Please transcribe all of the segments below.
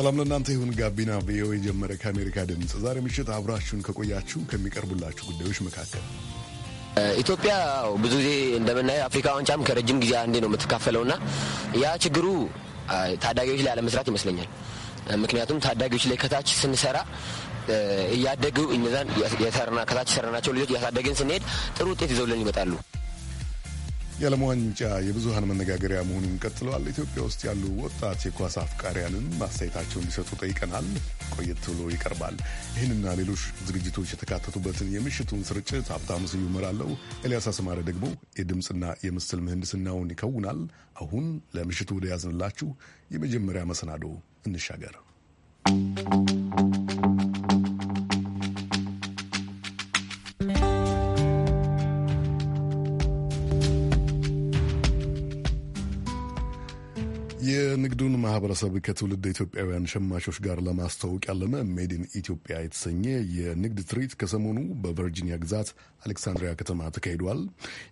ሰላም ለእናንተ ይሁን። ጋቢና ቪኦኤ የጀመረ ከአሜሪካ ድምፅ ዛሬ ምሽት አብራችሁን ከቆያችሁ ከሚቀርቡላችሁ ጉዳዮች መካከል ኢትዮጵያ ብዙ ጊዜ እንደምናየው አፍሪካ ዋንጫም ከረጅም ጊዜ አንዴ ነው የምትካፈለው ና ያ ችግሩ ታዳጊዎች ላይ አለመስራት ይመስለኛል። ምክንያቱም ታዳጊዎች ላይ ከታች ስንሰራ እያደጉ እነዛን ከታች የሰራናቸው ልጆች እያሳደግን ስንሄድ ጥሩ ውጤት ይዘውልን ይመጣሉ። የዓለም ዋንጫ የብዙሃን መነጋገሪያ መሆኑን ቀጥለዋል። ኢትዮጵያ ውስጥ ያሉ ወጣት የኳስ አፍቃሪያንን አስተያየታቸውን እንዲሰጡ ጠይቀናል። ቆየት ብሎ ይቀርባል። ይህንና ሌሎች ዝግጅቶች የተካተቱበትን የምሽቱን ስርጭት ሀብታሙ ስዩ እመራለሁ። ኤልያስ አስማረ ደግሞ የድምፅና የምስል ምህንድስናውን ይከውናል። አሁን ለምሽቱ ወደ ያዝንላችሁ የመጀመሪያ መሰናዶ እንሻገር። ንግዱን ማህበረሰብ ከትውልድ ኢትዮጵያውያን ሸማቾች ጋር ለማስተዋወቅ ያለመ ሜድን ኢትዮጵያ የተሰኘ የንግድ ትርኢት ከሰሞኑ በቨርጂኒያ ግዛት አሌክሳንድሪያ ከተማ ተካሂዷል።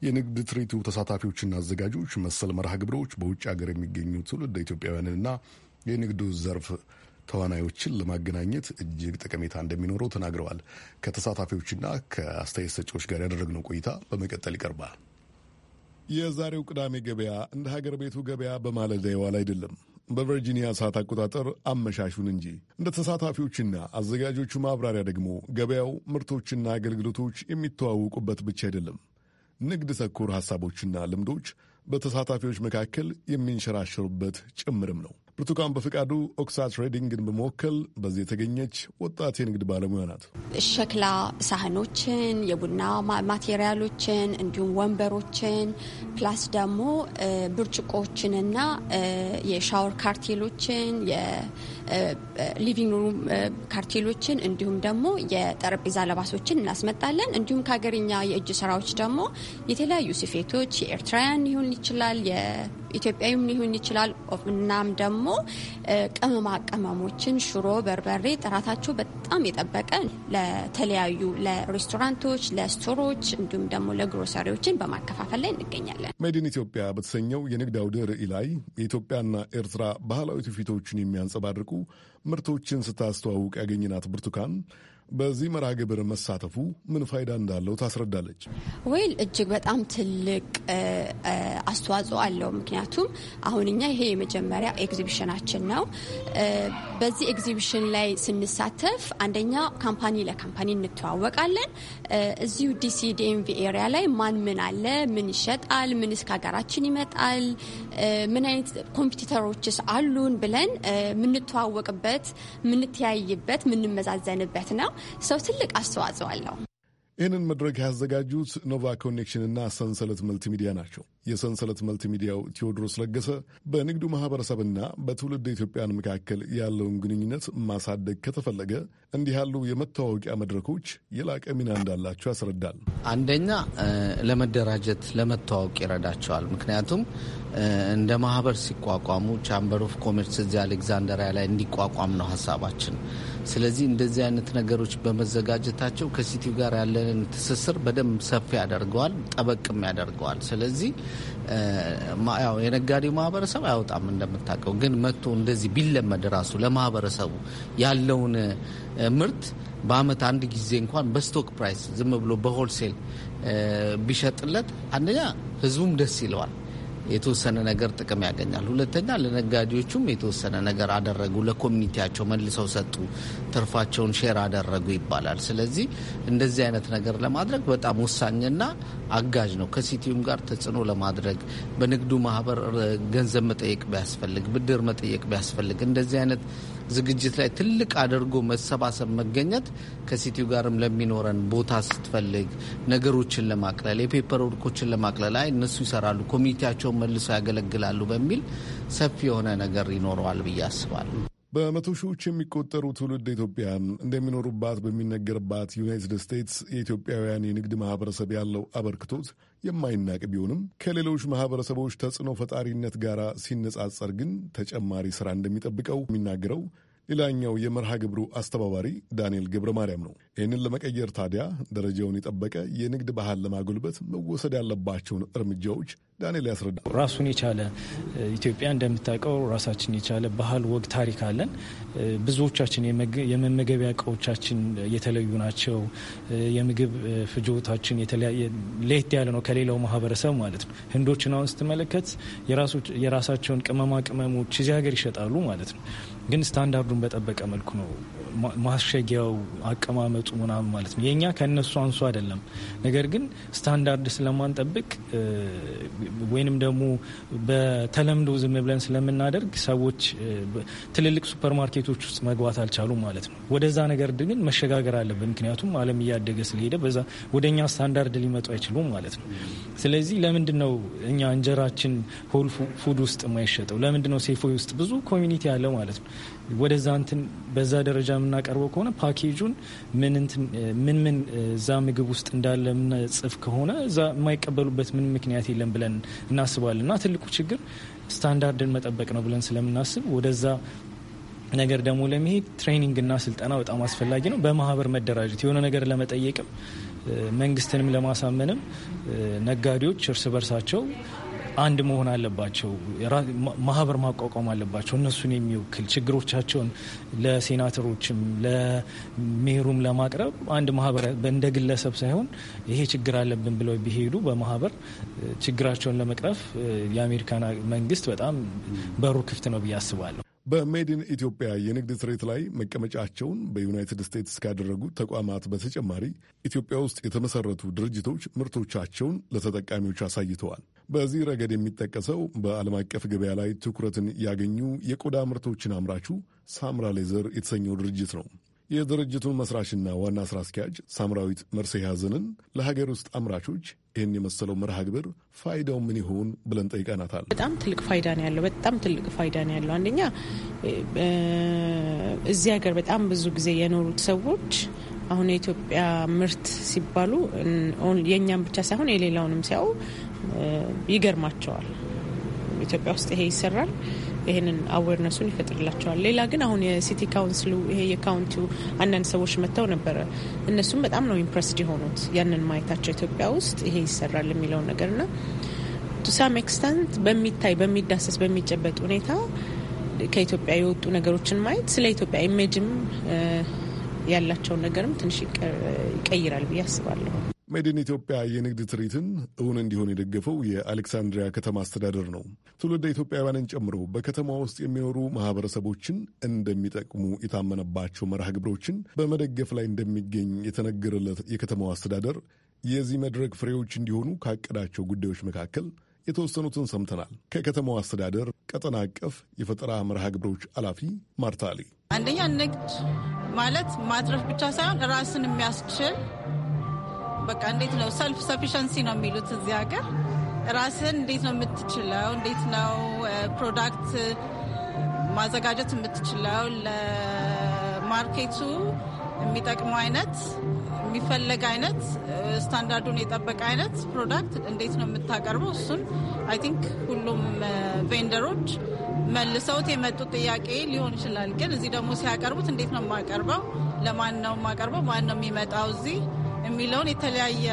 የንግድ ትርኢቱ ተሳታፊዎችና አዘጋጆች መሰል መርሃ ግብሮች በውጭ ሀገር የሚገኙ ትውልድ ኢትዮጵያውያንንና የንግዱ ዘርፍ ተዋናዮችን ለማገናኘት እጅግ ጠቀሜታ እንደሚኖረው ተናግረዋል። ከተሳታፊዎችና ከአስተያየት ሰጪዎች ጋር ያደረግነው ቆይታ በመቀጠል ይቀርባል። የዛሬው ቅዳሜ ገበያ እንደ ሀገር ቤቱ ገበያ በማለዳ የዋል አይደለም በቨርጂኒያ ሰዓት አቆጣጠር አመሻሹን እንጂ። እንደ ተሳታፊዎችና አዘጋጆቹ ማብራሪያ ደግሞ ገበያው ምርቶችና አገልግሎቶች የሚተዋወቁበት ብቻ አይደለም። ንግድ ተኮር ሀሳቦችና ልምዶች በተሳታፊዎች መካከል የሚንሸራሸሩበት ጭምርም ነው። ብርቱካን በፍቃዱ ኦክሳ ትሬዲንግን በመወከል በዚህ የተገኘች ወጣት የንግድ ባለሙያ ናት። ሸክላ ሳህኖችን፣ የቡና ማቴሪያሎችን እንዲሁም ወንበሮችን ፕላስ ደግሞ ብርጭቆችንና የሻወር ካርቴሎችን ሊቪንግ ሩም ካርቴሎችን እንዲሁም ደግሞ የጠረጴዛ ለባሶችን እናስመጣለን። እንዲሁም ከሀገርኛ የእጅ ስራዎች ደግሞ የተለያዩ ስፌቶች የኤርትራውያን ሊሆን ይችላል፣ የኢትዮጵያዊም ሊሆን ይችላል። እናም ደግሞ ቅመማ ቅመሞችን ሽሮ፣ በርበሬ ጥራታቸው በጣም የጠበቀ ለተለያዩ ለሬስቶራንቶች፣ ለስቶሮች እንዲሁም ደግሞ ለግሮሰሪዎችን በማከፋፈል ላይ እንገኛለን። ሜድን ኢትዮጵያ በተሰኘው የንግድ አውደ ርዕይ ላይ የኢትዮጵያና ኤርትራ ባህላዊ ትውፊቶችን የሚያንጸባርቁ ምርቶችን ስታስተዋውቅ ያገኝናት ብርቱካን በዚህ መርሃ ግብር መሳተፉ ምን ፋይዳ እንዳለው ታስረዳለች። ወይል እጅግ በጣም ትልቅ አስተዋጽኦ አለው። ምክንያቱም አሁን እኛ ይሄ የመጀመሪያ ኤግዚቢሽናችን ነው። በዚህ ኤግዚቢሽን ላይ ስንሳተፍ አንደኛ ካምፓኒ ለካምፓኒ እንተዋወቃለን። እዚሁ ዲሲ ዲኤምቪ ኤሪያ ላይ ማን ምን አለ፣ ምን ይሸጣል፣ ምን እስከ ሀገራችን ይመጣል፣ ምን አይነት ኮምፒውተሮችስ አሉን ብለን የምንተዋወቅበት፣ የምንተያይበት፣ የምንመዛዘንበት ነው። ሰው ትልቅ አስተዋጽኦ አለው። ይህንን መድረክ ያዘጋጁት ኖቫ ኮኔክሽን እና ሰንሰለት መልቲሚዲያ ናቸው። የሰንሰለት መልቲሚዲያው ቴዎድሮስ ለገሰ በንግዱ ማህበረሰብና በትውልድ ኢትዮጵያን መካከል ያለውን ግንኙነት ማሳደግ ከተፈለገ እንዲህ ያሉ የመታዋወቂያ መድረኮች የላቀ ሚና እንዳላቸው ያስረዳል። አንደኛ ለመደራጀት ለመተዋወቅ ይረዳቸዋል። ምክንያቱም እንደ ማህበር ሲቋቋሙ ቻምበር ኦፍ ኮሜርስ እዚህ አሌክዛንደሪያ ላይ እንዲቋቋም ነው ሀሳባችን። ስለዚህ እንደዚህ አይነት ነገሮች በመዘጋጀታቸው ከሲቲው ጋር ያለንን ትስስር በደንብ ሰፊ ያደርገዋል፣ ጠበቅም ያደርገዋል። ስለዚህ ያው የነጋዴው ማህበረሰብ አያወጣም እንደምታውቀው፣ ግን መጥቶ እንደዚህ ቢለመድ ራሱ ለማህበረሰቡ ያለውን ምርት በአመት አንድ ጊዜ እንኳን በስቶክ ፕራይስ ዝም ብሎ በሆልሴል ቢሸጥለት አንደኛ ህዝቡም ደስ ይለዋል። የተወሰነ ነገር ጥቅም ያገኛል። ሁለተኛ ለነጋዴዎቹም የተወሰነ ነገር አደረጉ፣ ለኮሚኒቲያቸው መልሰው ሰጡ፣ ትርፋቸውን ሼር አደረጉ ይባላል። ስለዚህ እንደዚህ አይነት ነገር ለማድረግ በጣም ወሳኝና አጋዥ ነው። ከሲቲዩም ጋር ተጽዕኖ ለማድረግ በንግዱ ማህበር ገንዘብ መጠየቅ ቢያስፈልግ፣ ብድር መጠየቅ ቢያስፈልግ እንደዚህ አይነት ዝግጅት ላይ ትልቅ አድርጎ መሰባሰብ መገኘት ከሲቲው ጋርም ለሚኖረን ቦታ ስትፈልግ ነገሮችን ለማቅለል የፔፐር ወርኮችን ለማቅለል አይ እነሱ ይሰራሉ ኮሚኒቲያቸውን መልሶ ያገለግላሉ በሚል ሰፊ የሆነ ነገር ይኖረዋል ብዬ አስባለሁ። በመቶ ሺዎች የሚቆጠሩ ትውልድ ኢትዮጵያን እንደሚኖሩባት በሚነገርባት ዩናይትድ ስቴትስ የኢትዮጵያውያን የንግድ ማህበረሰብ ያለው አበርክቶት የማይናቅ ቢሆንም ከሌሎች ማህበረሰቦች ተጽዕኖ ፈጣሪነት ጋር ሲነጻጸር ግን ተጨማሪ ስራ እንደሚጠብቀው የሚናገረው ሌላኛው የመርሃ ግብሩ አስተባባሪ ዳንኤል ገብረ ማርያም ነው። ይህንን ለመቀየር ታዲያ ደረጃውን የጠበቀ የንግድ ባህል ለማጎልበት መወሰድ ያለባቸውን እርምጃዎች ዳንኤል ያስረዳ። ራሱን የቻለ ኢትዮጵያ እንደምታውቀው ራሳችን የቻለ ባህል፣ ወግ፣ ታሪክ አለን። ብዙዎቻችን የመመገቢያ እቃዎቻችን የተለዩ ናቸው። የምግብ ፍጆታችን ለየት ያለ ነው ከሌላው ማህበረሰብ ማለት ነው። ህንዶችን አሁን ስትመለከት የራሳቸውን ቅመማ ቅመሞች እዚህ ሀገር ይሸጣሉ ማለት ነው። ግን ስታንዳርዱን በጠበቀ መልኩ ነው ማሸጊያው አቀማመጡ ሲመጡ ምናምን ማለት ነው። የእኛ ከእነሱ አንሱ አይደለም። ነገር ግን ስታንዳርድ ስለማንጠብቅ ወይንም ደግሞ በተለምዶ ዝም ብለን ስለምናደርግ ሰዎች ትልልቅ ሱፐር ማርኬቶች ውስጥ መግባት አልቻሉም ማለት ነው። ወደዛ ነገር ግን መሸጋገር አለብን። ምክንያቱም ዓለም እያደገ ስለሄደ በዛ ወደ እኛ ስታንዳርድ ሊመጡ አይችሉም ማለት ነው። ስለዚህ ለምንድን ነው እኛ እንጀራችን ሆል ፉድ ውስጥ የማይሸጠው? ለምንድን ነው ሴፎ ውስጥ ብዙ ኮሚኒቲ አለ ማለት ነው። ወደዛ እንትን በዛ ደረጃ የምናቀርበው ከሆነ ፓኬጁን ምን ምን እዛ ምግብ ውስጥ እንዳለ የምንጽፍ ከሆነ እዛ የማይቀበሉበት ምን ምክንያት የለም ብለን እናስባለን። እና ትልቁ ችግር ስታንዳርድን መጠበቅ ነው ብለን ስለምናስብ ወደዛ ነገር ደግሞ ለመሄድ ትሬኒንግ እና ስልጠና በጣም አስፈላጊ ነው። በማህበር መደራጀት የሆነ ነገር ለመጠየቅም መንግስትንም ለማሳመንም ነጋዴዎች እርስ በርሳቸው አንድ መሆን አለባቸው። ማህበር ማቋቋም አለባቸው። እነሱን የሚወክል ችግሮቻቸውን ለሴናተሮችም ለሜሩም ለማቅረብ አንድ ማህበር እንደ ግለሰብ ሳይሆን ይሄ ችግር አለብን ብለው ቢሄዱ በማህበር ችግራቸውን ለመቅረፍ የአሜሪካን መንግስት በጣም በሩ ክፍት ነው ብዬ አስባለሁ። በሜድን ኢትዮጵያ የንግድ ትርኢት ላይ መቀመጫቸውን በዩናይትድ ስቴትስ ካደረጉ ተቋማት በተጨማሪ ኢትዮጵያ ውስጥ የተመሰረቱ ድርጅቶች ምርቶቻቸውን ለተጠቃሚዎች አሳይተዋል። በዚህ ረገድ የሚጠቀሰው በዓለም አቀፍ ገበያ ላይ ትኩረትን ያገኙ የቆዳ ምርቶችን አምራቹ ሳምራ ሌዘር የተሰኘው ድርጅት ነው። የድርጅቱን መስራችና ዋና ስራ አስኪያጅ ሳምራዊት መርሴ ያዘንን ለሀገር ውስጥ አምራቾች ይህን የመሰለው መርሃ ግብር ፋይዳው ምን ይሆን ብለን ጠይቀናታል። በጣም ትልቅ ፋይዳ ነው ያለው። በጣም ትልቅ ፋይዳ ነው ያለው። አንደኛ እዚህ ሀገር በጣም ብዙ ጊዜ የኖሩት ሰዎች አሁን የኢትዮጵያ ምርት ሲባሉ የእኛም ብቻ ሳይሆን የሌላውንም ሲያዩ ይገርማቸዋል። ኢትዮጵያ ውስጥ ይሄ ይሰራል፣ ይህንን አዌርነሱን ይፈጥርላቸዋል። ሌላ ግን አሁን የሲቲ ካውንስሉ ይሄ የካውንቲው አንዳንድ ሰዎች መጥተው ነበረ። እነሱም በጣም ነው ኢምፕረስድ የሆኑት ያንን ማየታቸው ኢትዮጵያ ውስጥ ይሄ ይሰራል የሚለው ነገር ና ቱ ሳም ኤክስተንት በሚታይ በሚዳሰስ በሚጨበጥ ሁኔታ ከኢትዮጵያ የወጡ ነገሮችን ማየት ስለ ኢትዮጵያ ኢሜጅም ያላቸውን ነገርም ትንሽ ይቀይራል ብዬ አስባለሁ። ሜድን ኢትዮጵያ የንግድ ትርኢትን እውን እንዲሆን የደገፈው የአሌክሳንድሪያ ከተማ አስተዳደር ነው። ትውልደ ኢትዮጵያውያንን ጨምሮ በከተማ ውስጥ የሚኖሩ ማህበረሰቦችን እንደሚጠቅሙ የታመነባቸው መርሃ ግብሮችን በመደገፍ ላይ እንደሚገኝ የተነገረለት የከተማው አስተዳደር የዚህ መድረክ ፍሬዎች እንዲሆኑ ካቀዳቸው ጉዳዮች መካከል የተወሰኑትን ሰምተናል። ከከተማው አስተዳደር ቀጠና አቀፍ የፈጠራ መርሃ ግብሮች ኃላፊ ማርታ አንደኛ ንግድ ማለት ማትረፍ ብቻ ሳይሆን ራስን የሚያስችል በቃ እንዴት ነው ሰልፍ ሰፊሸንሲ ነው የሚሉት እዚህ ሀገር። ራስን እንዴት ነው የምትችለው? እንዴት ነው ፕሮዳክት ማዘጋጀት የምትችለው? ለማርኬቱ የሚጠቅሙ አይነት የሚፈለግ አይነት ስታንዳርዱን የጠበቀ አይነት ፕሮዳክት እንዴት ነው የምታቀርበው? እሱን አይ ቲንክ ሁሉም ቬንደሮች መልሰውት የመጡት ጥያቄ ሊሆን ይችላል። ግን እዚህ ደግሞ ሲያቀርቡት እንዴት ነው የማቀርበው፣ ለማን ነው የማቀርበው፣ ማን ነው የሚመጣው እዚህ የሚለውን የተለያየ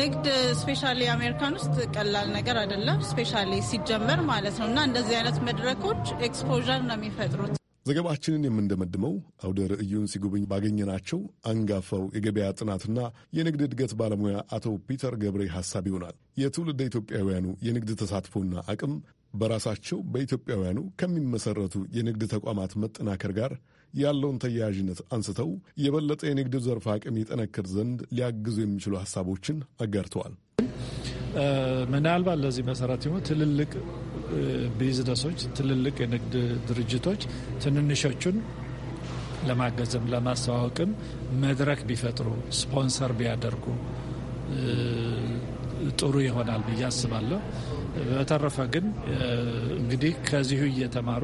ንግድ ስፔሻሊ አሜሪካን ውስጥ ቀላል ነገር አይደለም። ስፔሻሊ ሲጀመር ማለት ነው እና እንደዚህ አይነት መድረኮች ኤክስፖዠር ነው የሚፈጥሩት። ዘገባችንን የምንደመድመው አውደ ርዕዩን ሲጉብኝ ባገኘናቸው አንጋፋው የገበያ ጥናትና የንግድ እድገት ባለሙያ አቶ ፒተር ገብሬ ሀሳብ ይሆናል። የትውልደ ኢትዮጵያውያኑ የንግድ ተሳትፎና አቅም በራሳቸው በኢትዮጵያውያኑ ከሚመሰረቱ የንግድ ተቋማት መጠናከር ጋር ያለውን ተያያዥነት አንስተው የበለጠ የንግድ ዘርፍ አቅም ይጠነክር ዘንድ ሊያግዙ የሚችሉ ሀሳቦችን አጋርተዋል። ምናልባት ለዚህ መሰረት ሆ ትልልቅ ቢዝነሶች፣ ትልልቅ የንግድ ድርጅቶች ትንንሾቹን ለማገዝም ለማስተዋወቅም መድረክ ቢፈጥሩ ስፖንሰር ቢያደርጉ ጥሩ ይሆናል ብዬ አስባለሁ። በተረፈ ግን እንግዲህ ከዚሁ እየተማሩ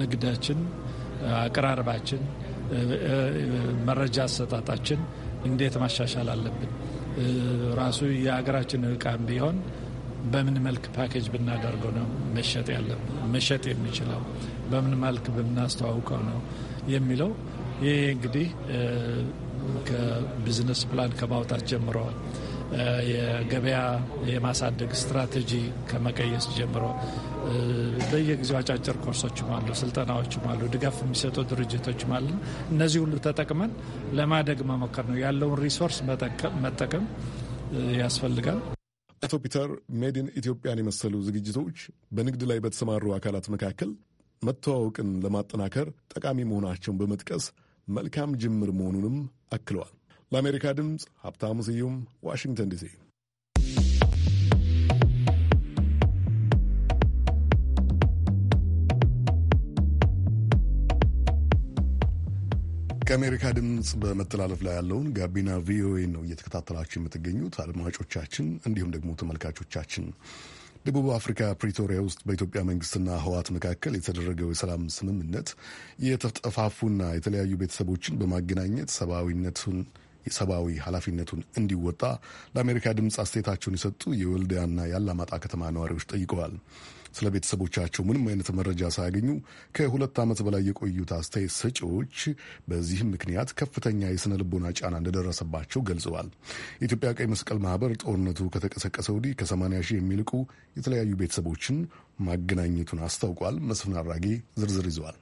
ንግዳችን፣ አቀራረባችን፣ መረጃ አሰጣጣችን እንዴት ማሻሻል አለብን፣ ራሱ የሀገራችን እቃም ቢሆን በምን መልክ ፓኬጅ ብናደርገው ነው መሸጥ ያለ መሸጥ የሚችለው በምን መልክ ብናስተዋውቀው ነው የሚለው ይህ እንግዲህ ከቢዝነስ ፕላን ከማውጣት ጀምረዋል። የገበያ የማሳደግ ስትራቴጂ ከመቀየስ ጀምሮ በየጊዜው አጫጭር ኮርሶችም አሉ፣ ስልጠናዎችም አሉ፣ ድጋፍ የሚሰጡ ድርጅቶችም አሉ። እነዚህ ሁሉ ተጠቅመን ለማደግ መሞከር ነው። ያለውን ሪሶርስ መጠቀም ያስፈልጋል። አቶ ፒተር ሜድን ኢትዮጵያን የመሰሉ ዝግጅቶች በንግድ ላይ በተሰማሩ አካላት መካከል መተዋወቅን ለማጠናከር ጠቃሚ መሆናቸውን በመጥቀስ መልካም ጅምር መሆኑንም አክለዋል። ለአሜሪካ ድምፅ ሀብታሙ ስዩም ዋሽንግተን ዲሲ። ከአሜሪካ ድምፅ በመተላለፍ ላይ ያለውን ጋቢና ቪኦኤ ነው እየተከታተላችሁ የምትገኙት አድማጮቻችን፣ እንዲሁም ደግሞ ተመልካቾቻችን። ደቡብ አፍሪካ ፕሪቶሪያ ውስጥ በኢትዮጵያ መንግስትና ህወሓት መካከል የተደረገው የሰላም ስምምነት የተጠፋፉና የተለያዩ ቤተሰቦችን በማገናኘት ሰብአዊነቱን የሰብአዊ ኃላፊነቱን እንዲወጣ ለአሜሪካ ድምፅ አስተያየታቸውን የሰጡ የወልዲያና የአላማጣ ከተማ ነዋሪዎች ጠይቀዋል። ስለ ቤተሰቦቻቸው ምንም አይነት መረጃ ሳያገኙ ከሁለት ዓመት በላይ የቆዩት አስተያየት ሰጪዎች በዚህም ምክንያት ከፍተኛ የሥነ ልቦና ጫና እንደደረሰባቸው ገልጸዋል። የኢትዮጵያ ቀይ መስቀል ማህበር ጦርነቱ ከተቀሰቀሰ ወዲህ ከ80 ሺህ የሚልቁ የተለያዩ ቤተሰቦችን ማገናኘቱን አስታውቋል። መስፍን አራጌ ዝርዝር ይዘዋል።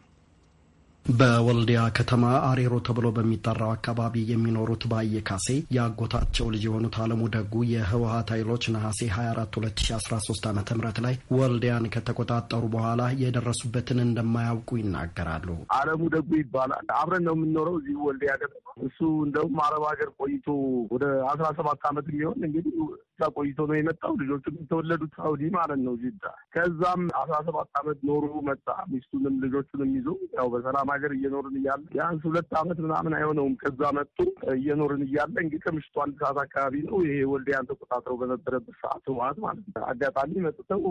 በወልዲያ ከተማ አሬሮ ተብሎ በሚጠራው አካባቢ የሚኖሩት ባየ ካሴ የአጎታቸው ልጅ የሆኑት አለሙ ደጉ የህወሀት ኃይሎች ነሐሴ 24 2013 ዓ ም ላይ ወልዲያን ከተቆጣጠሩ በኋላ የደረሱበትን እንደማያውቁ ይናገራሉ። አለሙ ደጉ ይባላል። አብረን ነው የምንኖረው እዚህ ወልዲያ ከተማ። እሱ እንደውም አረብ ሀገር ቆይቶ ወደ አስራ ሰባት ዓመት የሚሆን እንግዲህ እዛ ቆይቶ ነው የመጣው። ልጆቹ የተወለዱት ሳውዲ ማለት ነው ጅዳ። ከዛም አስራ ሰባት ዓመት ኖሩ መጣ ሚስቱንም ልጆቹንም ይዞ ያው በሰላም ሀገር እየኖርን እያለ ቢያንስ ሁለት ዓመት ምናምን አይሆነውም። ከዛ መጡ እየኖርን እያለ እንግዲህ ከምሽቱ አንድ ሰዓት አካባቢ ነው ይሄ ወልዲያን ተቆጣጥረው በነበረበት ሰዓት ህወሓት ማለት ነው። አጋጣሚ መጥተው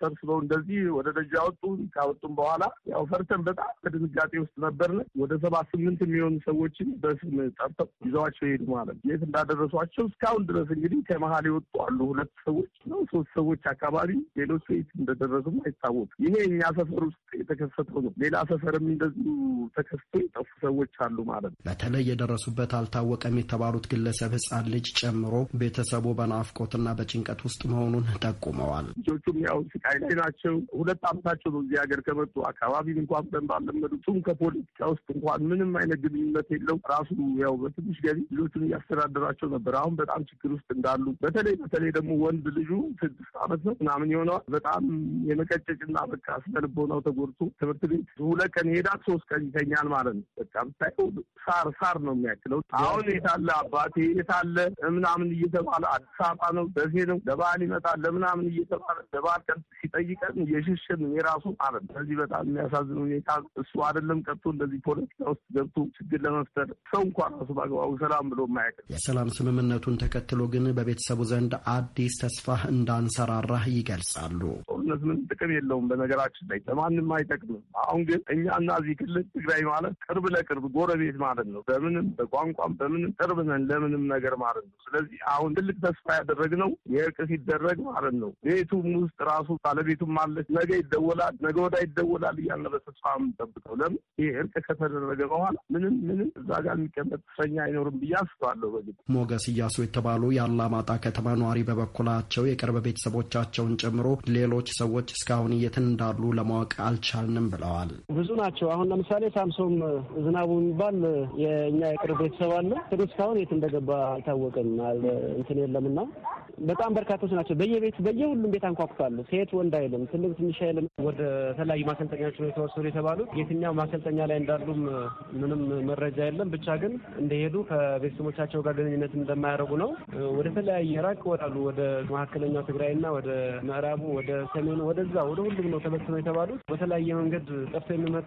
ሰብስበው እንደዚህ ወደ ደጃ ወጡ ካወጡም በኋላ ያው ፈርተን በጣም በድንጋጤ ውስጥ ነበርን። ወደ ሰባ ስምንት የሚሆኑ ሰዎችን በስም ጠርተው ይዘዋቸው ሄዱ ማለት ነው። የት እንዳደረሷቸው እስካሁን ድረስ እንግዲህ ከመሀል የወጡ አሉ። ሁለት ሰዎች ነው ሶስት ሰዎች አካባቢ፣ ሌሎች የት እንደደረሱም አይታወቅም። ይሄ እኛ ሰፈር ውስጥ የተከሰተው ነው። ሌላ ሰፈርም እንደዚህ ሁሉ ተከስቶ የጠፉ ሰዎች አሉ ማለት ነው። በተለይ የደረሱበት አልታወቀም የተባሉት ግለሰብ ህጻን ልጅ ጨምሮ ቤተሰቡ በናፍቆትና በጭንቀት ውስጥ መሆኑን ጠቁመዋል። ልጆቹም ያው ስቃይ ላይ ናቸው። ሁለት ዓመታቸው ነው እዚህ ሀገር ከመጡ አካባቢ እንኳን በን ባለመዱ እሱም ከፖለቲካ ውስጥ እንኳን ምንም አይነት ግንኙነት የለው። ራሱ ያው በትንሽ ገቢ ልጆቹን እያስተዳደራቸው ነበር። አሁን በጣም ችግር ውስጥ እንዳሉ በተለይ በተለይ ደግሞ ወንድ ልጁ ስድስት ዓመት ነው ምናምን የሆነዋል። በጣም የመቀጨጭና በቃ ስነልቦናው ተጎድቶ ትምህርት ቤት ሁለት ቀን ይሄዳል ሶስት ቀን ይተኛል ማለት ነው። በቃ ብታየው ሳር ሳር ነው የሚያክለው። አሁን የታለ አባቴ የታለ ምናምን እየተባለ አዲስ አበባ ነው ደሴ ነው ለበዓል ይመጣል ለምናምን እየተባለ ለበዓል ቀን ሲጠይቀን የሽሽን የራሱ ማለት ነው። በጣም የሚያሳዝን ሁኔታ እሱ አይደለም ቀጥቶ እንደዚህ ፖለቲካ ውስጥ ገብቶ ችግር ለመፍጠር ሰው እንኳ ራሱ በአግባቡ ሰላም ብሎ ማያውቅ። የሰላም ስምምነቱን ተከትሎ ግን በቤተሰቡ ዘንድ አዲስ ተስፋ እንዳንሰራራ ይገልጻሉ። ጦርነት ምን ጥቅም የለውም በነገራችን ላይ ለማንም አይጠቅምም። አሁን ግን እኛ እና እዚህ ክልል ትግራይ ማለት ቅርብ ለቅርብ ጎረቤት ማለት ነው። በምንም በቋንቋም በምንም ቅርብ ነን ለምንም ነገር ማለት ነው። ስለዚህ አሁን ትልቅ ተስፋ ያደረግነው የእርቅ ሲደረግ ማለት ነው ቤቱም ውስጥ ራሱ ባለቤቱም አለች። ነገ ይደወላል፣ ነገ ወዳ ይደወላል እያለ በተስፋ የምንጠብቀው ለምን ይህ እርቅ ከተደረገ በኋላ ምንም ምንም እዛ ጋር የሚቀመጥ እስረኛ አይኖርም ብዬ አስባለሁ። በግድ ሞገስ እያሱ የተባሉ የአላማጣ ከተማ ነዋሪ በበኩላቸው የቅርብ ቤተሰቦቻቸውን ጨምሮ ሌሎች ሰዎች እስካሁን የት እንዳሉ ለማወቅ አልቻልንም ብለዋል። ብዙ ናቸው አሁን አሁን ለምሳሌ ሳምሶም ዝናቡ የሚባል የእኛ የቅርብ ቤተሰብ አለ። እንግዲህ እስካሁን የት እንደገባ አልታወቀም። እንትን የለምና በጣም በርካቶች ናቸው። በየቤት በየሁሉም ቤት አንኳኩታሉ። ሴት ወንድ አይልም፣ ትልቅ ትንሽ አይልም። ወደ ተለያዩ ማሰልጠኛዎች ነው የተወሰዱ የተባሉት። የትኛው ማሰልጠኛ ላይ እንዳሉም ምንም መረጃ የለም። ብቻ ግን እንደሄዱ ከቤተሰቦቻቸው ጋር ግንኙነት እንደማያደርጉ ነው። ወደ ተለያየ ራቅ ወዳሉ ወደ መካከለኛው ትግራይና ወደ ምዕራቡ፣ ወደ ሰሜኑ፣ ወደዛ ወደ ሁሉም ነው ተበትነው የተባሉት። በተለያየ መንገድ ጠፍቶ የሚመጡ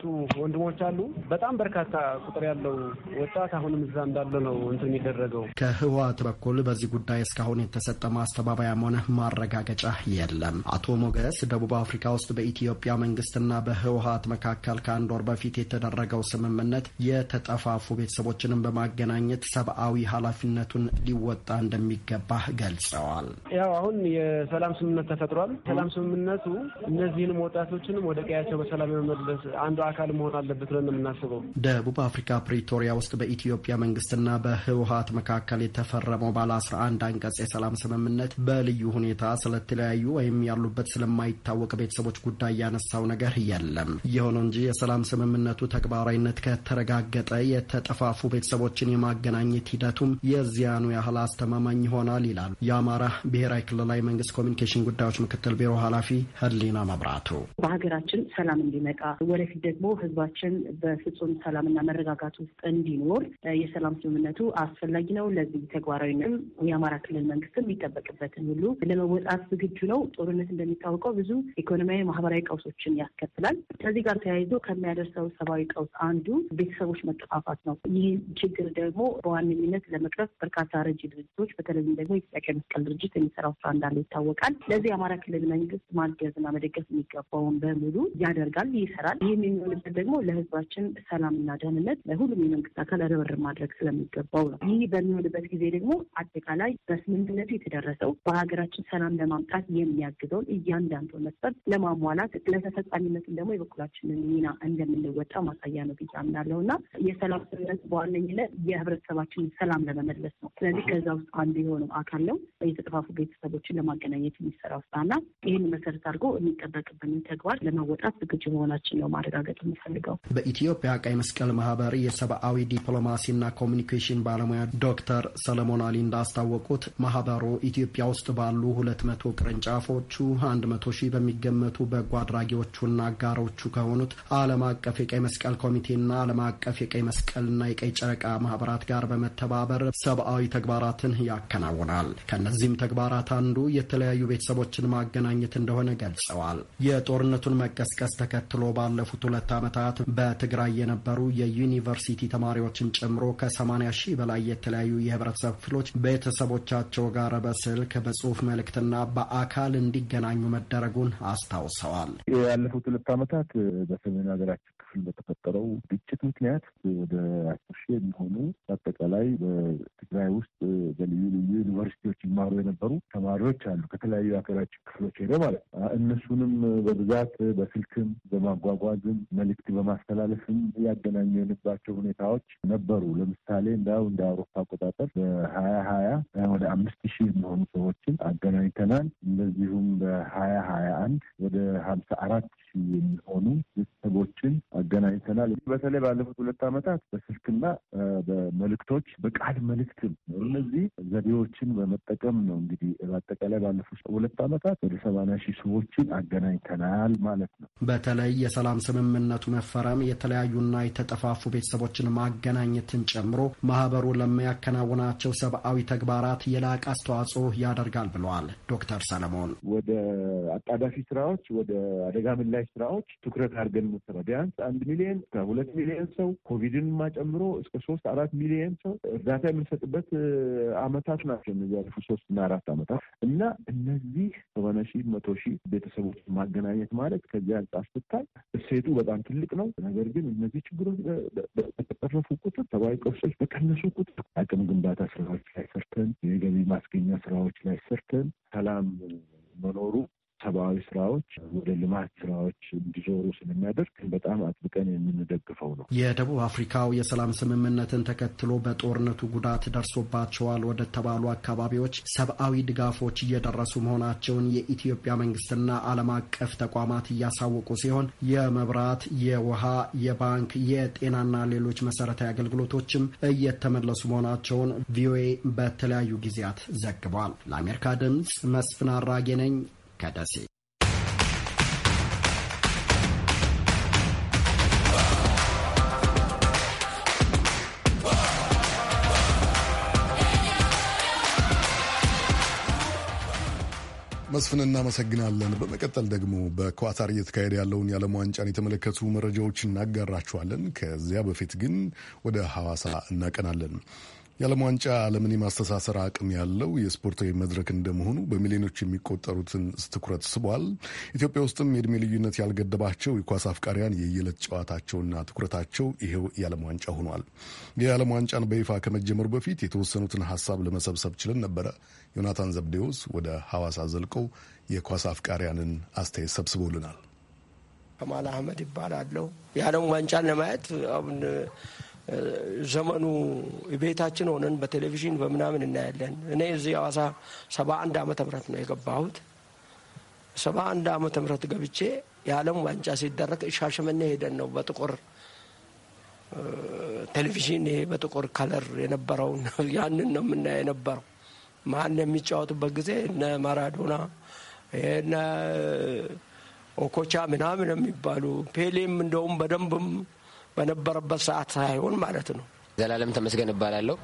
ወንድሞች አሉ። በጣም በርካታ ቁጥር ያለው ወጣት አሁንም እዛ እንዳለ ነው እንትን የሚደረገው። ከህወሓት በኩል በዚህ ጉዳይ እስካሁን የተሰጠ ማስተባበያም ሆነ ማረጋገጫ የለም። አቶ ሞገስ ደቡብ አፍሪካ ውስጥ በኢትዮጵያ መንግስትና በህወሓት መካከል ከአንድ ወር በፊት የተደረገው ስምምነት የተጠፋፉ ቤተሰቦችንም በማገናኘት ሰብአዊ ኃላፊነቱን ሊወጣ እንደሚገባ ገልጸዋል። ያው አሁን የሰላም ስምምነት ተፈጥሯል። ሰላም ስምምነቱ እነዚህንም ወጣቶችንም ወደ ቀያቸው በሰላም የመመለስ አንዱ አካል መሆን አለበት ብለን የምናስበው። ደቡብ አፍሪካ ፕሪቶሪያ ውስጥ በኢትዮጵያ መንግስትና በህወሀት መካከል የተፈረመው ባለ አስራ አንድ አንቀጽ የሰላም ስምምነት በልዩ ሁኔታ ስለተለያዩ ወይም ያሉበት ስለማይታወቅ ቤተሰቦች ጉዳይ ያነሳው ነገር የለም። የሆነ እንጂ የሰላም ስምምነቱ ተግባራዊነት ከተረጋገጠ የተጠፋፉ ቤተሰቦችን የማገናኘት ሂደቱም የዚያኑ ያህል አስተማማኝ ይሆናል ይላሉ የአማራ ብሔራዊ ክልላዊ መንግስት ኮሚኒኬሽን ጉዳዮች ምክትል ቢሮ ኃላፊ ህሊና መብራቱ። በሀገራችን ሰላም እንዲመጣ ወደፊት ደግሞ ህዝባ ህዝባችን በፍጹም ሰላምና መረጋጋት ውስጥ እንዲኖር የሰላም ስምምነቱ አስፈላጊ ነው። ለዚህ ተግባራዊነትም የአማራ ክልል መንግስትም የሚጠበቅበትን ሁሉ ለመወጣት ዝግጁ ነው። ጦርነት እንደሚታወቀው ብዙ ኢኮኖሚያዊ፣ ማህበራዊ ቀውሶችን ያስከትላል። ከዚህ ጋር ተያይዞ ከሚያደርሰው ሰብአዊ ቀውስ አንዱ ቤተሰቦች መጠፋፋት ነው። ይህ ችግር ደግሞ በዋነኝነት ለመቅረፍ በርካታ ረጅ ድርጅቶች በተለይም ደግሞ የኢትዮጵያ ቀይ መስቀል ድርጅት የሚሰራው ስራ እንዳለ ይታወቃል። ለዚህ የአማራ ክልል መንግስት ማገዝና መደገፍ የሚገባውን በሙሉ ያደርጋል፣ ይሰራል። ይህ የሚሆንበት ደግሞ ለህዝባችን ሰላምና ደህንነት ለሁሉም የመንግስት አካል ርብርብ ማድረግ ስለሚገባው ነው። ይህ በሚሆንበት ጊዜ ደግሞ አጠቃላይ በስምምነቱ የተደረሰው በሀገራችን ሰላም ለማምጣት የሚያግዘውን እያንዳንዱ መስፈርት ለማሟላት ለተፈጻሚነቱን ደግሞ የበኩላችንን ሚና እንደምንወጣ ማሳያ ነው ብዬ አምናለሁ እና የሰላም ስምምነት በዋነኝነት የህብረተሰባችንን ሰላም ለመመለስ ነው። ስለዚህ ከዛ ውስጥ አንዱ የሆነው አካል ነው የተጠፋፉ ቤተሰቦችን ለማገናኘት የሚሰራው ስራና ይህን መሰረት አድርጎ የሚጠበቅብንን ተግባር ለመወጣት ዝግጁ መሆናችን ነው ማረጋገጥ የምፈልገው። የምንፈልገው። በኢትዮጵያ ቀይ መስቀል ማህበር የሰብአዊ ዲፕሎማሲና ኮሚኒኬሽን ባለሙያ ዶክተር ሰለሞን አሊ እንዳስታወቁት ማህበሩ ኢትዮጵያ ውስጥ ባሉ ሁለት መቶ ቅርንጫፎቹ አንድ መቶ ሺህ በሚገመቱ በጎ አድራጊዎቹና አጋሮቹ ከሆኑት ዓለም አቀፍ የቀይ መስቀል ኮሚቴና ዓለም አቀፍ የቀይ መስቀልና የቀይ ጨረቃ ማህበራት ጋር በመተባበር ሰብአዊ ተግባራትን ያከናውናል። ከእነዚህም ተግባራት አንዱ የተለያዩ ቤተሰቦችን ማገናኘት እንደሆነ ገልጸዋል። የጦርነቱን መቀስቀስ ተከትሎ ባለፉት ሁለት ዓመታት ጊዜያት በትግራይ የነበሩ የዩኒቨርሲቲ ተማሪዎችን ጨምሮ ከ80 ሺህ በላይ የተለያዩ የህብረተሰብ ክፍሎች ቤተሰቦቻቸው ጋር በስልክ በጽሁፍ መልእክትና በአካል እንዲገናኙ መደረጉን አስታውሰዋል። ያለፉት ሁለት ዓመታት በሰሜን ሀገራችን ክፍል በተፈጠረው ግጭት ምክንያት ወደ አስር ሺህ የሚሆኑ በአጠቃላይ በትግራይ ውስጥ በልዩ ልዩ ዩኒቨርሲቲዎች ይማሩ የነበሩ ተማሪዎች አሉ። ከተለያዩ የሀገራችን ክፍሎች ሄደው ማለት ነው። እነሱንም በብዛት በስልክም በማጓጓዝም መልእክት በማስተላለፍም ያገናኘንባቸው ሁኔታዎች ነበሩ። ለምሳሌ እንዳው እንደ አውሮፓ አቆጣጠር በሀያ ሀያ ወደ አምስት ሺህ የሚሆኑ ሰዎችን አገናኝተናል። እንደዚሁም በሀያ ሀያ አንድ ወደ ሀምሳ አራት ሺህ የሚሆኑ ቤተሰቦችን አገናኝተናል። በተለይ ባለፉት ሁለት ዓመታት በስልክና በመልእክቶች በቃል መልእክትም እነዚህ ዘዴዎችን በመጠቀም ነው እንግዲህ በአጠቃላይ ባለፉት ሁለት ዓመታት ወደ ሰማንያ ሺህ ሰዎችን አገናኝተናል ማለት ነው። በተለይ የሰላም ስምምነቱ መፈረም የተለያዩና የተጠፋፉ ቤተሰቦችን ማገናኘትን ጨምሮ ማህበሩ ለሚያከናውናቸው ሰብአዊ ተግባራት የላቀ አስተዋጽኦ ያደርጋል ብለዋል ዶክተር ሰለሞን። ወደ አጣዳፊ ስራዎች፣ ወደ አደጋ ምላሽ ስራዎች ትኩረት አድርገን ቢያንስ ከአንድ ሚሊዮን ሁለት ሚሊዮን ሰው ኮቪድን ጨምሮ እስከ ሶስት አራት ሚሊዮን ሰው እርዳታ የምንሰጥበት አመታት ናቸው እነዚህ ያለፉ ሶስት እና አራት አመታት እና እነዚህ ሰባና ሺ መቶ ሺ ቤተሰቦች ማገናኘት ማለት ከዚህ አንጻር ስታይ እሴቱ በጣም ትልቅ ነው። ነገር ግን እነዚህ ችግሮች በተቀረፉ ቁጥር ሰብአዊ ቀውሶች በቀነሱ ቁጥር አቅም ግንባታ ስራዎች ላይ ሰርተን የገቢ ማስገኛ ስራዎች የደቡብ አፍሪካው የሰላም ስምምነትን ተከትሎ በጦርነቱ ጉዳት ደርሶባቸዋል ወደ ተባሉ አካባቢዎች ሰብአዊ ድጋፎች እየደረሱ መሆናቸውን የኢትዮጵያ መንግስትና ዓለም አቀፍ ተቋማት እያሳወቁ ሲሆን የመብራት፣ የውሃ፣ የባንክ፣ የጤናና ሌሎች መሰረታዊ አገልግሎቶችም እየተመለሱ መሆናቸውን ቪኦኤ በተለያዩ ጊዜያት ዘግቧል። ለአሜሪካ ድምፅ መስፍን አራጌ ነኝ ከደሴ መስፍን እናመሰግናለን። በመቀጠል ደግሞ በኳታር እየተካሄደ ያለውን የዓለም ዋንጫን የተመለከቱ መረጃዎች እናጋራችኋለን። ከዚያ በፊት ግን ወደ ሐዋሳ እናቀናለን። የዓለም ዋንጫ ዓለምን የማስተሳሰር አቅም ያለው የስፖርታዊ መድረክ እንደመሆኑ በሚሊዮኖች የሚቆጠሩትን ትኩረት ስቧል። ኢትዮጵያ ውስጥም የዕድሜ ልዩነት ያልገደባቸው የኳስ አፍቃሪያን የየዕለት ጨዋታቸውና ትኩረታቸው ይሄው የዓለም ዋንጫ ሆኗል። የዓለም ዋንጫን በይፋ ከመጀመሩ በፊት የተወሰኑትን ሀሳብ ለመሰብሰብ ችለን ነበረ። ዮናታን ዘብዴዎስ ወደ ሐዋሳ ዘልቀው የኳስ አፍቃሪያንን አስተያየት ሰብስበውልናል። ከማል አህመድ ይባላለሁ። የዓለም ዋንጫን ለማየት አሁን ዘመኑ ቤታችን ሆነን በቴሌቪዥን በምናምን እናያለን። እኔ እዚህ ሐዋሳ ሰባ አንድ ዓመተ ምህረት ነው የገባሁት። ሰባ አንድ ዓመተ ምህረት ገብቼ የዓለም ዋንጫ ሲደረግ ሻሸመኔ ሄደን ነው በጥቁር ቴሌቪዥን ይሄ በጥቁር ከለር የነበረውን ያንን ነው የምናየው የነበረው። ማን የሚጫወትበት ጊዜ እነ ማራዶና እነ ኦኮቻ ምናምን የሚባሉ ፔሌም እንደውም በደንብም በነበረበት ሰዓት ሳይሆን ማለት ነው። ዘላለም ተመስገን እባላለሁ።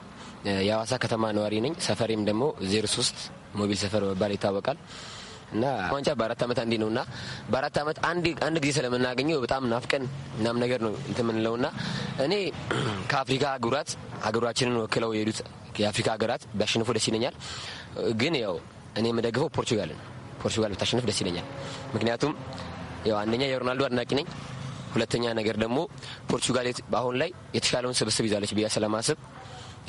የአዋሳ ከተማ ነዋሪ ነኝ። ሰፈሬም ደግሞ ዜሮ ሶስት ሞቢል ሰፈር በመባል ይታወቃል። እና ዋንጫ በአራት ዓመት አንዴ ነው እና በአራት ዓመት አንድ ጊዜ ስለምናገኘው በጣም ናፍቀን ምናምን ነገር ነው እንትምንለው እና እኔ ከአፍሪካ ሀገራት ሀገሯችንን ወክለው የሄዱት የአፍሪካ ሀገራት ቢያሸንፉ ደስ ይለኛል። ግን ያው እኔ የምደግፈው ፖርቹጋልን ፖርቹጋል ብታሸንፍ ደስ ይለኛል። ምክንያቱም ያው አንደኛ የሮናልዶ አድናቂ ነኝ ሁለተኛ ነገር ደግሞ ፖርቹጋል አሁን ላይ የተሻለውን ስብስብ ይዛለች ብዬ ስለማስብ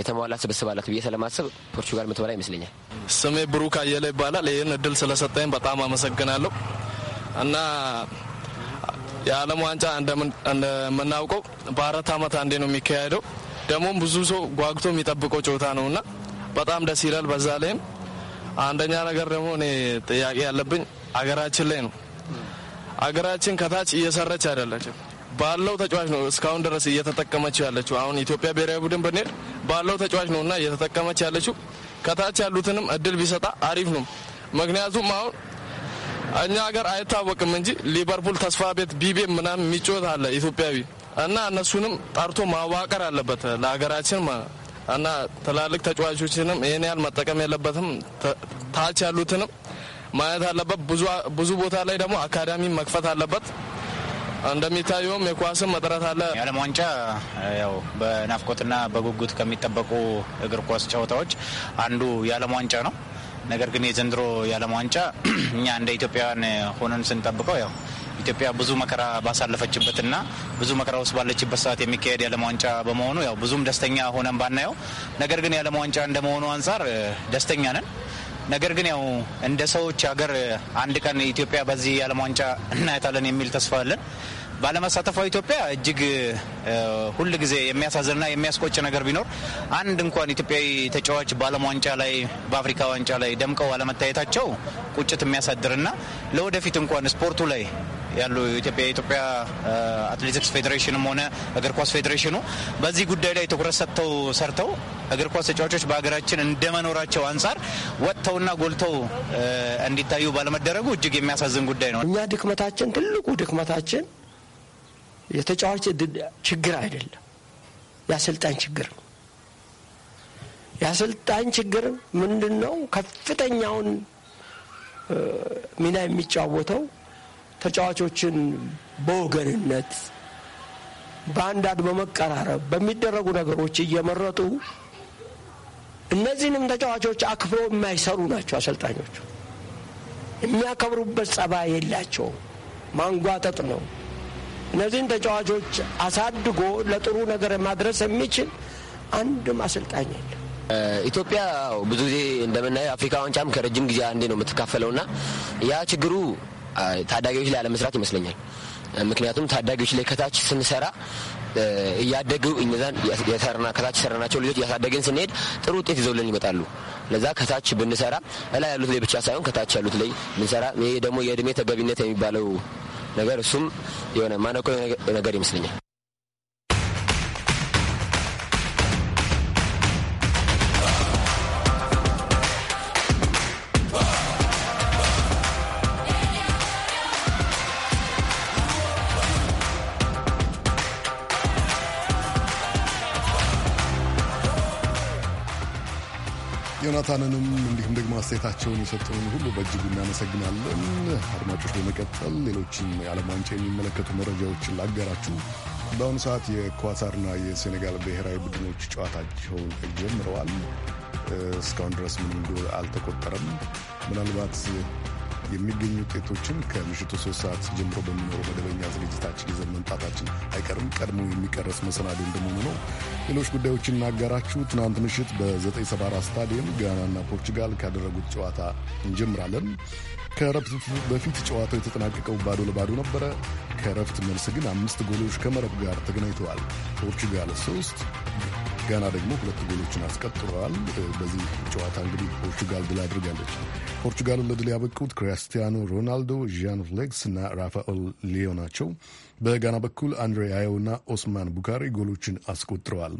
የተሟላ ስብስብ አላት ብዬ ስለማስብ ፖርቹጋል ምትበላ ይመስለኛል። ስሜ ብሩክ አየለ ይባላል። ይህን እድል ስለሰጠኝ በጣም አመሰግናለሁ እና የዓለም ዋንጫ እንደምናውቀው በአራት ዓመት አንዴ ነው የሚካሄደው። ደግሞም ብዙ ሰው ጓግቶ የሚጠብቀው ጨዋታ ነው እና በጣም ደስ ይላል። በዛ ላይም አንደኛ ነገር ደግሞ እኔ ጥያቄ ያለብኝ አገራችን ላይ ነው አገራችን ከታች እየሰረች አይደለችም። ባለው ተጫዋች ነው እስካሁን ድረስ እየተጠቀመች ያለችው። አሁን ኢትዮጵያ ብሔራዊ ቡድን ብንሄድ ባለው ተጫዋች ነው እና እየተጠቀመች ያለችው። ከታች ያሉትንም እድል ቢሰጣ አሪፍ ነው። ምክንያቱም አሁን እኛ ሀገር አይታወቅም እንጂ ሊቨርፑል፣ ተስፋ ቤት፣ ቢቤ ምናምን የሚጮት አለ ኢትዮጵያዊ እና እነሱንም ጠርቶ ማዋቀር አለበት ለሀገራችን እና ትላልቅ ተጫዋቾችንም ይህን ያህል መጠቀም የለበትም። ታች ያሉትንም ማየት አለበት። ብዙ ቦታ ላይ ደግሞ አካዳሚ መክፈት አለበት። እንደሚታየውም የኳስም እጥረት አለ። የዓለም ዋንጫ ያው በናፍቆትና በጉጉት ከሚጠበቁ እግር ኳስ ጨዋታዎች አንዱ የዓለም ዋንጫ ነው። ነገር ግን የዘንድሮ የዓለም ዋንጫ እኛ እንደ ኢትዮጵያውያን ሆነን ስንጠብቀው ያው ኢትዮጵያ ብዙ መከራ ባሳለፈችበትና ብዙ መከራ ውስጥ ባለችበት ሰዓት የሚካሄድ የዓለም ዋንጫ በመሆኑ ያው ብዙም ደስተኛ ሆነን ባናየው፣ ነገር ግን የዓለም ዋንጫ እንደመሆኑ አንጻር ደስተኛ ነን። ነገር ግን ያው እንደ ሰዎች ሀገር አንድ ቀን ኢትዮጵያ በዚህ የዓለም ዋንጫ እናያታለን የሚል ተስፋ አለን። ባለመሳተፏ ኢትዮጵያ እጅግ ሁል ጊዜ የሚያሳዝንና የሚያስቆጭ ነገር ቢኖር አንድ እንኳን ኢትዮጵያዊ ተጫዋች በዓለም ዋንጫ ላይ በአፍሪካ ዋንጫ ላይ ደምቀው አለመታየታቸው ቁጭት የሚያሳድርና ለወደፊት እንኳን ስፖርቱ ላይ ያሉ ኢትዮጵያ የኢትዮጵያ አትሌቲክስ ፌዴሬሽንም ሆነ እግር ኳስ ፌዴሬሽኑ በዚህ ጉዳይ ላይ ትኩረት ሰጥተው ሰርተው እግር ኳስ ተጫዋቾች በሀገራችን እንደመኖራቸው አንጻር ወጥተውና ጎልተው እንዲታዩ ባለመደረጉ እጅግ የሚያሳዝን ጉዳይ ነው። እኛ ድክመታችን ትልቁ ድክመታችን የተጫዋች ችግር አይደለም፣ የአሰልጣኝ ችግር ነው። የአሰልጣኝ ችግር ምንድን ነው? ከፍተኛውን ሚና የሚጫወተው ተጫዋቾችን በወገንነት በአንዳንድ በመቀራረብ በሚደረጉ ነገሮች እየመረጡ እነዚህንም ተጫዋቾች አክብሮ የማይሰሩ ናቸው። አሰልጣኞቹ የሚያከብሩበት ጸባይ የላቸው ማንጓጠጥ ነው። እነዚህን ተጫዋቾች አሳድጎ ለጥሩ ነገር ማድረስ የሚችል አንድም አሰልጣኝ የለም። ኢትዮጵያ ብዙ ጊዜ እንደምናየው አፍሪካ ዋንጫም ከረጅም ጊዜ አንዴ ነው የምትካፈለውና ያ ችግሩ ታዳጊዎች ላይ አለመስራት ይመስለኛል። ምክንያቱም ታዳጊዎች ላይ ከታች ስንሰራ እያደገው እነዛን የሰራና ከታች የሰራናቸው ልጆች እያሳደገን ስንሄድ ጥሩ ውጤት ይዘውልን ይመጣሉ። ለዛ ከታች ብንሰራ እላይ ያሉት ላይ ብቻ ሳይሆን ከታች ያሉት ላይ ብንሰራ፣ ይሄ ደግሞ የእድሜ ተገቢነት የሚባለው ነገር እሱም የሆነ ማነቆ ነገር ይመስለኛል። ዮናታንንም እንዲሁም ደግሞ አስተያየታቸውን የሰጠውን ሁሉ በእጅጉ እናመሰግናለን። አድማጮች፣ በመቀጠል ሌሎችን የዓለም ዋንጫ የሚመለከቱ መረጃዎችን ላገራችሁ። በአሁኑ ሰዓት የኳታርና የሴኔጋል ብሔራዊ ቡድኖች ጨዋታቸውን ጀምረዋል። እስካሁን ድረስ ምንም ጎል አልተቆጠረም። ምናልባት የሚገኙ ውጤቶችን ከምሽቱ ሶስት ሰዓት ጀምሮ በሚኖሩ መደበኛ ዝግጅታችን ይዘን መምጣታችን አይቀርም። ቀድሞ የሚቀረስ መሰናዶ እንደመሆኑ ነው። ሌሎች ጉዳዮችን እናጋራችሁ። ትናንት ምሽት በ974 ስታዲየም ጋናና ፖርቹጋል ካደረጉት ጨዋታ እንጀምራለን። ከረፍት በፊት ጨዋታው የተጠናቀቀው ባዶ ለባዶ ነበረ። ከረፍት መልስ ግን አምስት ጎሎች ከመረብ ጋር ተገናኝተዋል። ፖርቹጋል ሶስት ጋና ደግሞ ሁለት ጎሎችን አስቆጥረዋል። በዚህ ጨዋታ እንግዲህ ፖርቹጋል ድል አድርጋለች። ፖርቹጋልን ለድል ያበቁት ክሪስቲያኖ ሮናልዶ፣ ዣን ፍሌክስ እና ራፋኤል ሊዮ ናቸው። በጋና በኩል አንድሬ አየውና ኦስማን ቡካሪ ጎሎችን አስቆጥረዋል።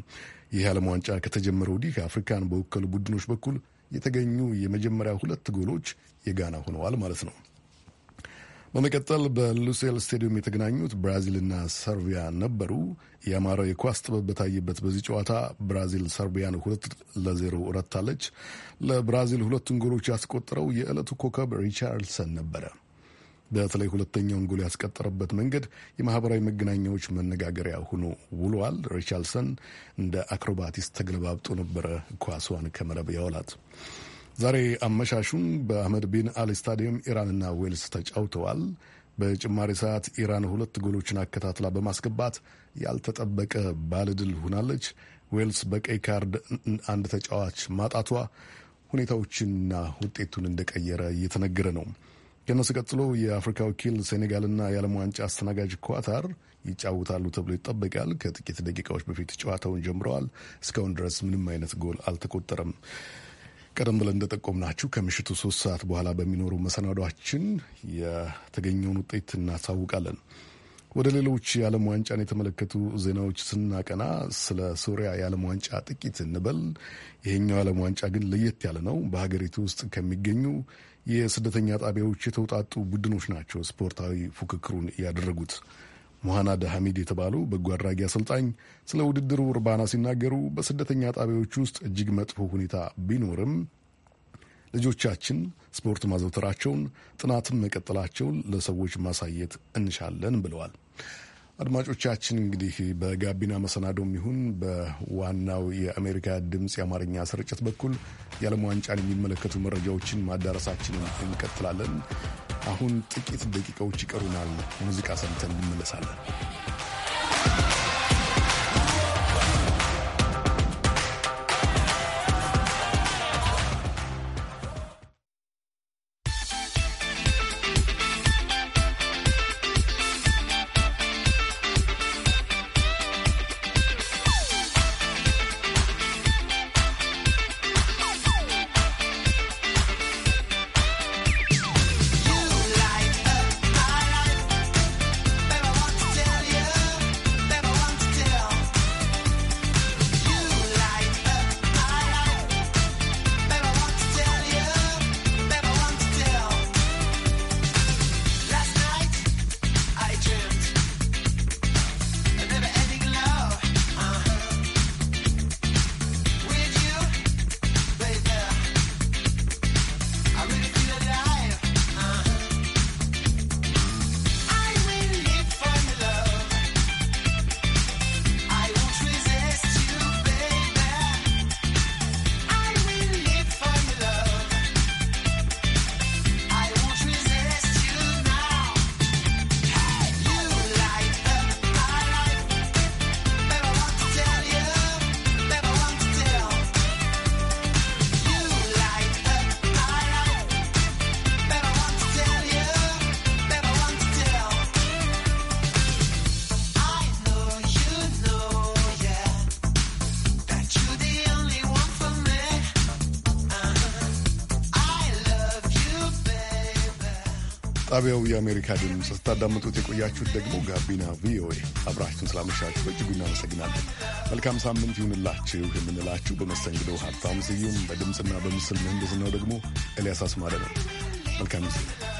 ይህ አለም ዋንጫ ከተጀመረ ወዲህ አፍሪካን በወከሉ ቡድኖች በኩል የተገኙ የመጀመሪያ ሁለት ጎሎች የጋና ሆነዋል ማለት ነው። በመቀጠል በሉሴል ስቴዲየም የተገናኙት ብራዚልና ሰርቪያ ነበሩ። የአማራው የኳስ ጥበብ በታየበት በዚህ ጨዋታ ብራዚል ሰርቢያን ሁለት ለዜሮ ረታለች። ለብራዚል ሁለቱን ጎሎች ያስቆጠረው የዕለቱ ኮከብ ሪቻርልሰን ነበረ። በተለይ ሁለተኛውን ጎል ያስቆጠረበት መንገድ የማህበራዊ መገናኛዎች መነጋገሪያ ሆኖ ውሏል። ሪቻርልሰን እንደ አክሮባቲስ ተገለባብጦ ነበረ ኳሷን ከመረብ ያወላት። ዛሬ አመሻሹን በአህመድ ቢን አሊ ስታዲየም ኢራንና ዌልስ ተጫውተዋል። በጭማሪ ሰዓት ኢራን ሁለት ጎሎችን አከታትላ በማስገባት ያልተጠበቀ ባለድል ሆናለች። ዌልስ በቀይ ካርድ አንድ ተጫዋች ማጣቷ ሁኔታዎችንና ውጤቱን እንደቀየረ እየተነገረ ነው። ከነሱ ቀጥሎ የአፍሪካ ወኪል ሴኔጋልና የዓለም ዋንጫ አስተናጋጅ ኳታር ይጫወታሉ ተብሎ ይጠበቃል። ከጥቂት ደቂቃዎች በፊት ጨዋታውን ጀምረዋል። እስካሁን ድረስ ምንም አይነት ጎል አልተቆጠረም። ቀደም ብለን እንደጠቆምናችሁ ከምሽቱ ሶስት ሰዓት በኋላ በሚኖሩ መሰናዷችን የተገኘውን ውጤት እናሳውቃለን። ወደ ሌሎች የዓለም ዋንጫን የተመለከቱ ዜናዎች ስናቀና ስለ ሶሪያ የዓለም ዋንጫ ጥቂት እንበል። ይሄኛው የዓለም ዋንጫ ግን ለየት ያለ ነው። በሀገሪቱ ውስጥ ከሚገኙ የስደተኛ ጣቢያዎች የተውጣጡ ቡድኖች ናቸው ስፖርታዊ ፉክክሩን ያደረጉት። ሙሃናድ ሐሚድ የተባሉ በጎ አድራጊ አሰልጣኝ ስለ ውድድሩ እርባና ሲናገሩ በስደተኛ ጣቢያዎች ውስጥ እጅግ መጥፎ ሁኔታ ቢኖርም ልጆቻችን ስፖርት ማዘውተራቸውን ጥናትም መቀጠላቸውን ለሰዎች ማሳየት እንሻለን ብለዋል። አድማጮቻችን እንግዲህ በጋቢና መሰናዶም ይሁን በዋናው የአሜሪካ ድምፅ የአማርኛ ስርጭት በኩል የዓለም ዋንጫን የሚመለከቱ መረጃዎችን ማዳረሳችንን እንቀጥላለን። አሁን ጥቂት ደቂቃዎች ይቀሩናል። ሙዚቃ ሰምተን እንመለሳለን። ጣቢያው የአሜሪካ ድምፅ። ስታዳምጡት የቆያችሁት ደግሞ ጋቢና ቪኦኤ። አብራችሁን ስላመሻችሁ በእጅጉ እናመሰግናለን። መልካም ሳምንት ይሁንላችሁ የምንላችሁ በመስተንግዶ ሀብታም ስዩም፣ በድምፅና በምስል ምህንድስናው ደግሞ ኤልያስ አስማረ ነው። መልካም ጊዜ